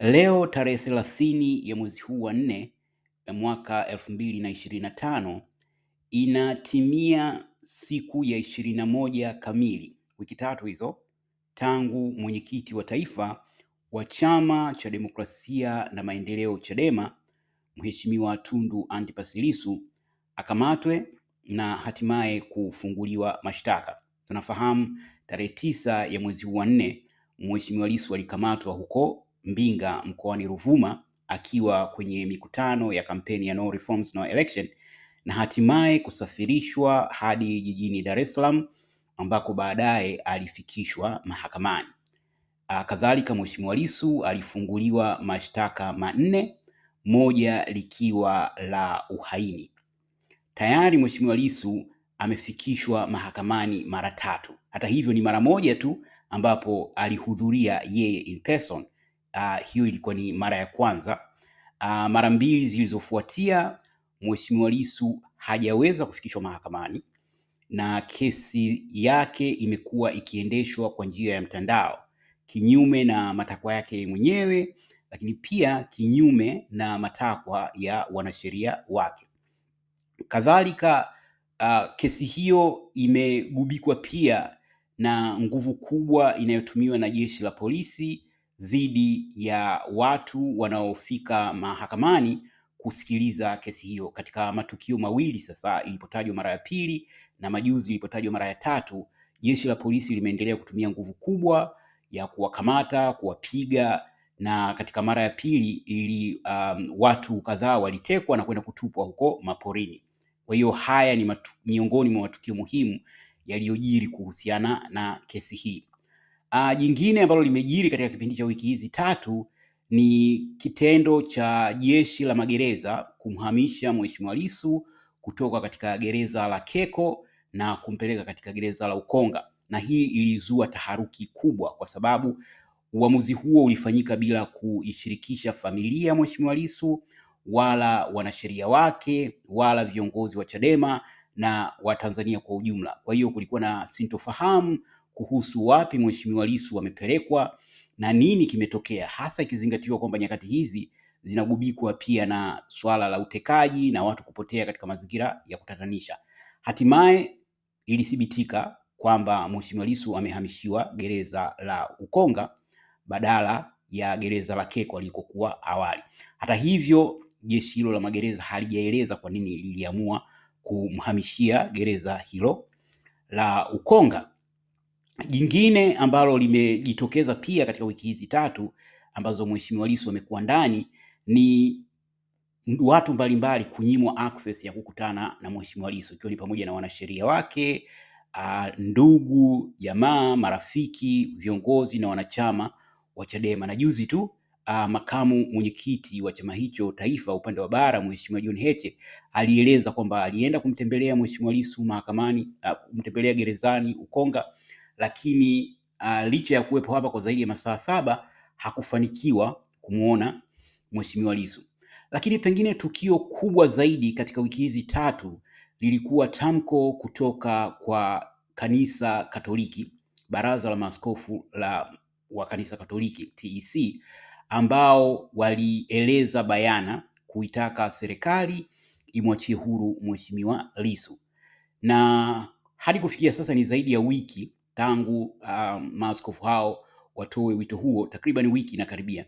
Leo tarehe thelathini ya mwezi huu wa nne mwaka elfu mbili na ishirini na tano inatimia siku ya ishirini na moja kamili, wiki tatu hizo tangu mwenyekiti wa taifa wa Chama cha Demokrasia na Maendeleo Chadema Mheshimiwa Tundu Antipas Lissu akamatwe na hatimaye kufunguliwa mashtaka. Tunafahamu tarehe tisa ya mwezi huu wa nne Mheshimiwa Lissu alikamatwa huko Mbinga mkoani Ruvuma akiwa kwenye mikutano ya kampeni ya No Reforms No Election na hatimaye kusafirishwa hadi jijini Dar es Salaam ambako baadaye alifikishwa mahakamani. Kadhalika, Mheshimiwa Lissu alifunguliwa mashtaka manne, moja likiwa la uhaini. Tayari Mheshimiwa Lissu amefikishwa mahakamani mara tatu. Hata hivyo, ni mara moja tu ambapo alihudhuria yeye in person, Uh, hiyo ilikuwa ni mara ya kwanza. Uh, mara mbili zilizofuatia Mheshimiwa Lissu hajaweza kufikishwa mahakamani na kesi yake imekuwa ikiendeshwa kwa njia ya mtandao kinyume na matakwa yake mwenyewe, lakini pia kinyume na matakwa ya wanasheria wake. Kadhalika, uh, kesi hiyo imegubikwa pia na nguvu kubwa inayotumiwa na jeshi la polisi dhidi ya watu wanaofika mahakamani kusikiliza kesi hiyo katika matukio mawili sasa, ilipotajwa mara ya pili na majuzi ilipotajwa mara ya tatu, jeshi la polisi limeendelea kutumia nguvu kubwa ya kuwakamata, kuwapiga na katika mara ya pili ili um, watu kadhaa walitekwa na kwenda kutupwa huko maporini. Kwa hiyo haya ni miongoni mwa matukio muhimu yaliyojiri kuhusiana na kesi hii. Uh, jingine ambalo limejiri katika kipindi cha wiki hizi tatu ni kitendo cha jeshi la magereza kumhamisha Mheshimiwa Lissu kutoka katika gereza la Keko na kumpeleka katika gereza la Ukonga, na hii ilizua taharuki kubwa kwa sababu uamuzi huo ulifanyika bila kuishirikisha familia ya Mheshimiwa Lissu wala wanasheria wake wala viongozi wa Chadema na Watanzania kwa ujumla. Kwa hiyo kulikuwa na sintofahamu kuhusu wapi Mheshimiwa Lissu amepelekwa na nini kimetokea, hasa ikizingatiwa kwamba nyakati hizi zinagubikwa pia na swala la utekaji na watu kupotea katika mazingira ya kutatanisha. Hatimaye ilithibitika kwamba Mheshimiwa Lissu amehamishiwa gereza la Ukonga badala ya gereza la Keko alikokuwa awali. Hata hivyo, jeshi hilo la magereza halijaeleza kwa nini liliamua kumhamishia gereza hilo la Ukonga. Jingine ambalo limejitokeza pia katika wiki hizi tatu ambazo Mheshimiwa Lissu amekuwa ndani ni watu mbalimbali kunyimwa access ya kukutana na Mheshimiwa Lissu ikiwa ni pamoja na wanasheria wake, ndugu, jamaa, marafiki, viongozi na wanachama wa Chadema. Na juzi tu makamu mwenyekiti wa chama hicho taifa upande wa bara Mheshimiwa John Heche alieleza kwamba alienda kumtembelea Mheshimiwa Lissu mahakamani, kumtembelea gerezani Ukonga lakini uh, licha ya kuwepo hapa kwa zaidi ya masaa saba hakufanikiwa kumwona Mheshimiwa Lissu. Lakini pengine tukio kubwa zaidi katika wiki hizi tatu lilikuwa tamko kutoka kwa kanisa Katoliki, baraza la maaskofu la wa kanisa Katoliki TEC, ambao walieleza bayana kuitaka serikali imwachie huru Mheshimiwa Lissu na hadi kufikia sasa ni zaidi ya wiki tangu uh, maaskofu hao watoe wito huo, takriban wiki inakaribia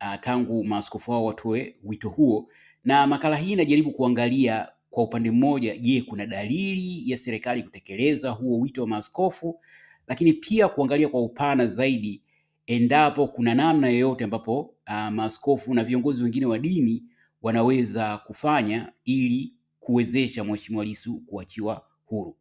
uh, tangu maaskofu hao watoe wito huo, na makala hii inajaribu kuangalia kwa upande mmoja, je, kuna dalili ya serikali kutekeleza huo wito wa maaskofu, lakini pia kuangalia kwa upana zaidi endapo kuna namna yoyote ambapo uh, maaskofu na viongozi wengine wa dini wanaweza kufanya ili kuwezesha Mheshimiwa Lissu kuachiwa huru.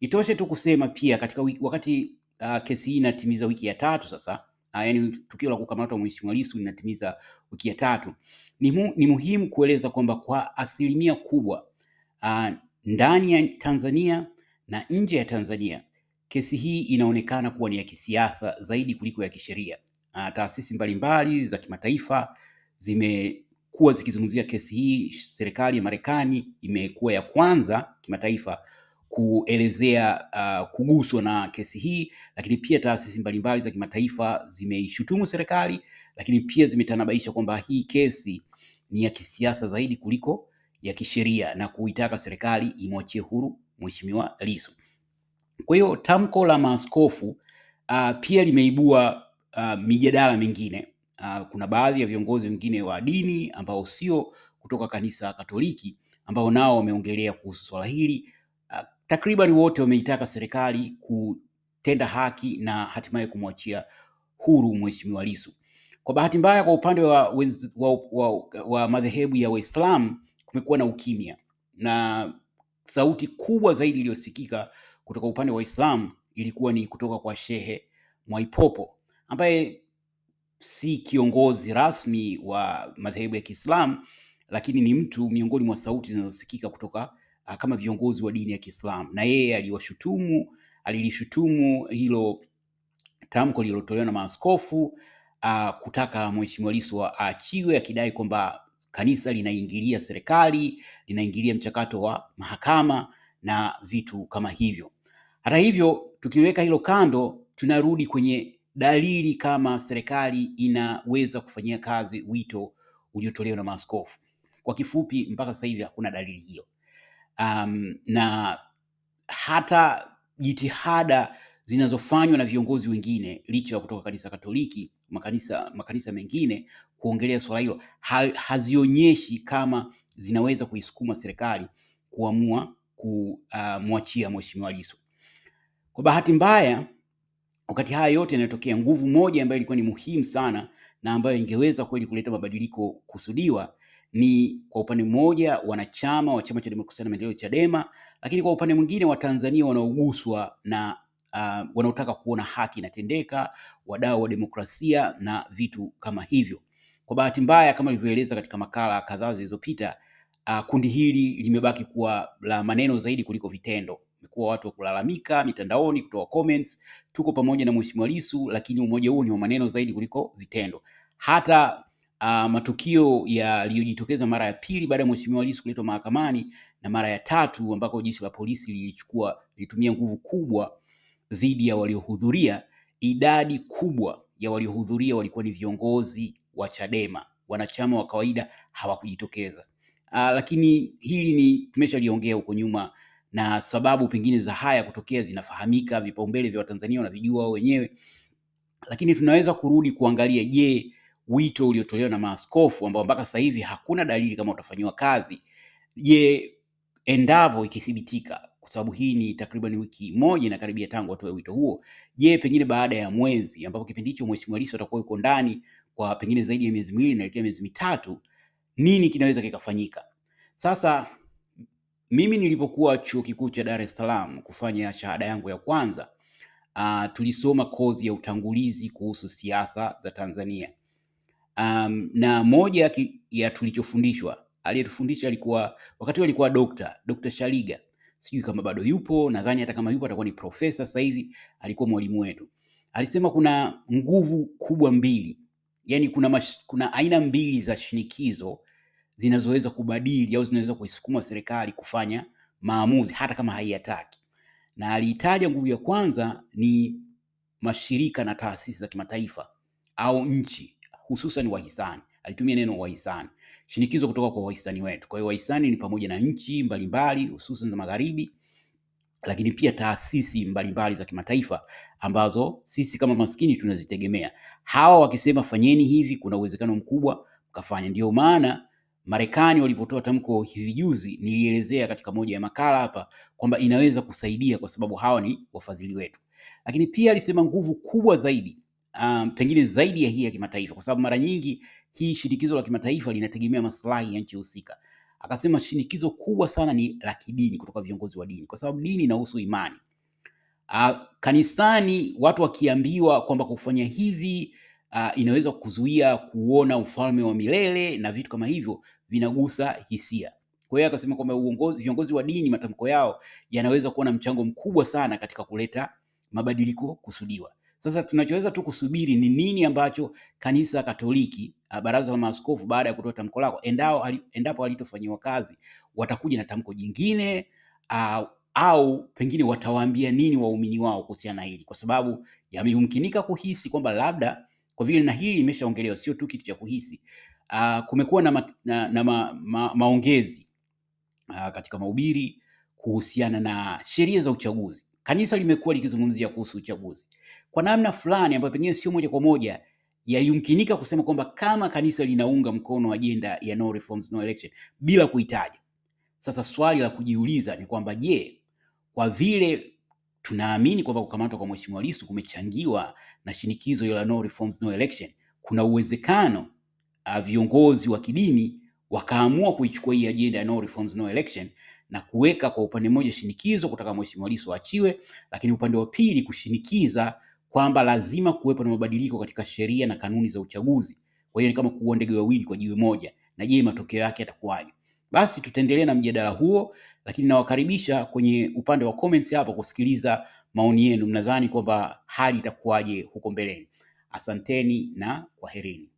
Itoshe tu kusema pia katika wiki, wakati uh, kesi hii inatimiza wiki ya tatu sasa uh, yani tukio la kukamatwa Mheshimiwa Lissu linatimiza wiki ya tatu, ni, mu, ni muhimu kueleza kwamba kwa asilimia kubwa uh, ndani ya Tanzania na nje ya Tanzania kesi hii inaonekana kuwa ni ya kisiasa zaidi kuliko ya kisheria. Uh, taasisi mbalimbali za kimataifa zimekuwa zikizungumzia kesi hii. Serikali ya Marekani imekuwa ya kwanza kimataifa kuelezea uh, kuguswa na kesi hii, lakini pia taasisi mbalimbali za kimataifa zimeishutumu serikali, lakini pia zimetanabaisha kwamba hii kesi ni ya kisiasa zaidi kuliko ya kisheria na kuitaka serikali imwachie huru Mheshimiwa Lissu. Kwa hiyo tamko la maaskofu uh, pia limeibua uh, mijadala mingine. Uh, kuna baadhi ya viongozi wengine wa dini ambao sio kutoka kanisa Katoliki ambao nao wameongelea kuhusu swala hili Takriban wote wameitaka serikali kutenda haki na hatimaye kumwachia huru Mheshimiwa Lissu. Kwa bahati mbaya, kwa upande wa, wa, wa, wa madhehebu ya Waislamu kumekuwa na ukimya, na sauti kubwa zaidi iliyosikika kutoka upande wa Waislamu ilikuwa ni kutoka kwa Shehe Mwaipopo ambaye si kiongozi rasmi wa madhehebu ya Kiislamu, lakini ni mtu miongoni mwa sauti zinazosikika kutoka Ah, kama viongozi wa dini ya Kiislamu, na yeye aliwashutumu, alilishutumu hilo tamko lililotolewa na maaskofu uh, kutaka Mheshimiwa Lissu aachiwe, akidai kwamba kanisa linaingilia serikali, linaingilia mchakato wa mahakama na vitu kama hivyo. Hata hivyo, tukiweka hilo kando, tunarudi kwenye dalili kama serikali inaweza kufanyia kazi wito uliotolewa na maaskofu. Kwa kifupi, mpaka sasa hivi hakuna dalili hiyo um, na hata jitihada zinazofanywa na viongozi wengine licha ya kutoka kanisa Katoliki, makanisa, makanisa mengine kuongelea swala hilo ha, hazionyeshi kama zinaweza kuisukuma serikali kuamua kumwachia uh, Mheshimiwa Lissu. Kwa bahati mbaya, wakati haya yote yanatokea, nguvu moja ambayo ilikuwa ni muhimu sana na ambayo ingeweza kweli kuleta mabadiliko kusudiwa ni kwa upande mmoja wanachama wa chama cha demokrasia na maendeleo Chadema, lakini kwa upande mwingine Watanzania wanaoguswa na uh, wanaotaka kuona haki inatendeka, wadau wa demokrasia na vitu kama hivyo. Kwa bahati mbaya, kama ilivyoeleza katika makala kadhaa zilizopita, uh, kundi hili limebaki kuwa la maneno zaidi kuliko vitendo. Imekuwa watu wa kulalamika mitandaoni, kutoa comments, tuko pamoja na Mheshimiwa Lissu, lakini umoja huu ni wa maneno zaidi kuliko vitendo. Hata uh, matukio yaliyojitokeza mara ya pili baada ya Mheshimiwa Lissu kuletwa mahakamani na mara ya tatu ambako jeshi la polisi lilichukua lilitumia nguvu kubwa dhidi ya waliohudhuria. Idadi kubwa ya waliohudhuria walikuwa ni viongozi wa Chadema, wanachama wa kawaida hawakujitokeza. Uh, lakini hili ni tumeshaliongea huko nyuma, na sababu pengine za haya kutokea zinafahamika, vipaumbele vya Watanzania wanavijua wao wenyewe, lakini tunaweza kurudi kuangalia, je, wito uliotolewa na maaskofu ambao mpaka sasa hivi hakuna dalili kama utafanyiwa kazi. Je, endapo ikithibitika, kwa sababu hii ni takriban wiki moja inakaribia tangu watoe wito huo, je, pengine baada ya mwezi, ambapo kipindi hicho Mheshimiwa Lissu atakuwa yuko ndani kwa pengine zaidi ya miezi miwili inaelekea miezi mitatu, nini kinaweza kikafanyika? Sasa mimi nilipokuwa chuo kikuu cha Dar es Salaam kufanya shahada yangu ya kwanza, uh, tulisoma kozi ya utangulizi kuhusu siasa za Tanzania um, na moja ya tulichofundishwa aliyetufundisha alikuwa wakati huo alikuwa dokta dokta Shaliga, sijui kama bado yupo, nadhani hata kama yupo atakuwa ni profesa sasa hivi, alikuwa mwalimu wetu. Alisema kuna nguvu kubwa mbili, yani kuna, mash, kuna aina mbili za shinikizo zinazoweza kubadili au zinaweza kuisukuma serikali kufanya maamuzi hata kama haiyataki, na aliitaja nguvu ya kwanza ni mashirika na taasisi za kimataifa au nchi hususan wahisani. Alitumia neno wahisani, shinikizo kutoka kwa wahisani wetu. Kwa hiyo wahisani ni pamoja na nchi mbalimbali hususan za magharibi, lakini pia taasisi mbalimbali za kimataifa ambazo sisi kama maskini tunazitegemea. Hawa wakisema fanyeni hivi, kuna uwezekano mkubwa mkafanya. Ndio maana Marekani walipotoa tamko hivi juzi, nilielezea katika moja ya makala hapa kwamba inaweza kusaidia kwa sababu hawa ni wafadhili wetu. Lakini pia alisema nguvu kubwa zaidi um, pengine zaidi ya hii ya kimataifa, kwa sababu mara nyingi hii shinikizo la kimataifa linategemea maslahi ya nchi husika. Akasema shinikizo kubwa sana ni la kidini kutoka viongozi wa dini, kwa sababu dini inahusu imani. Uh, kanisani watu wakiambiwa kwamba kufanya hivi uh, inaweza kuzuia kuona ufalme wa milele na vitu kama hivyo vinagusa hisia. Kwa hiyo akasema kwamba uongozi, viongozi wa dini matamko yao yanaweza kuwa na mchango mkubwa sana katika kuleta mabadiliko kusudiwa. Sasa tunachoweza tu kusubiri ni nini ambacho kanisa Katoliki, ah, baraza la maaskofu, baada ya kutoa tamko lako, endao endapo halitofanyiwa kazi, watakuja na tamko jingine au, ah, au pengine watawaambia nini waumini wao kuhusiana na hili, kwa sababu yamemkinika kuhisi kwamba labda kwa vile na hili imeshaongelewa, sio tu kitu cha kuhisi. Uh, kumekuwa na, ma, na, na ma, ma, maongezi uh, katika mahubiri kuhusiana na sheria za uchaguzi Kanisa limekuwa likizungumzia kuhusu uchaguzi kwa namna fulani ambayo pengine sio moja kwa moja yayumkinika kusema kwamba kama kanisa linaunga mkono ajenda ya no reforms, no election bila kuitaja. Sasa swali la kujiuliza ni kwamba je, kwa vile tunaamini kwamba kukamatwa kwa Mheshimiwa Lissu kumechangiwa na shinikizo la no reforms, no election, kuna uwezekano ah, viongozi wa kidini wakaamua kuichukua hii ajenda ya no reforms, no election na kuweka kwa upande mmoja shinikizo kutaka Mheshimiwa Lissu achiwe, lakini upande wa pili kushinikiza kwamba lazima kuwepo na mabadiliko katika sheria na kanuni za uchaguzi. Kwa hiyo ni kama kuua ndege wawili kwa jiwe moja, na je, matokeo yake yatakuwaje? Basi tutaendelea na mjadala huo, lakini nawakaribisha kwenye upande wa comments hapo kusikiliza maoni yenu. Mnadhani kwamba hali itakuwaje huko mbeleni? Asanteni na kwaherini.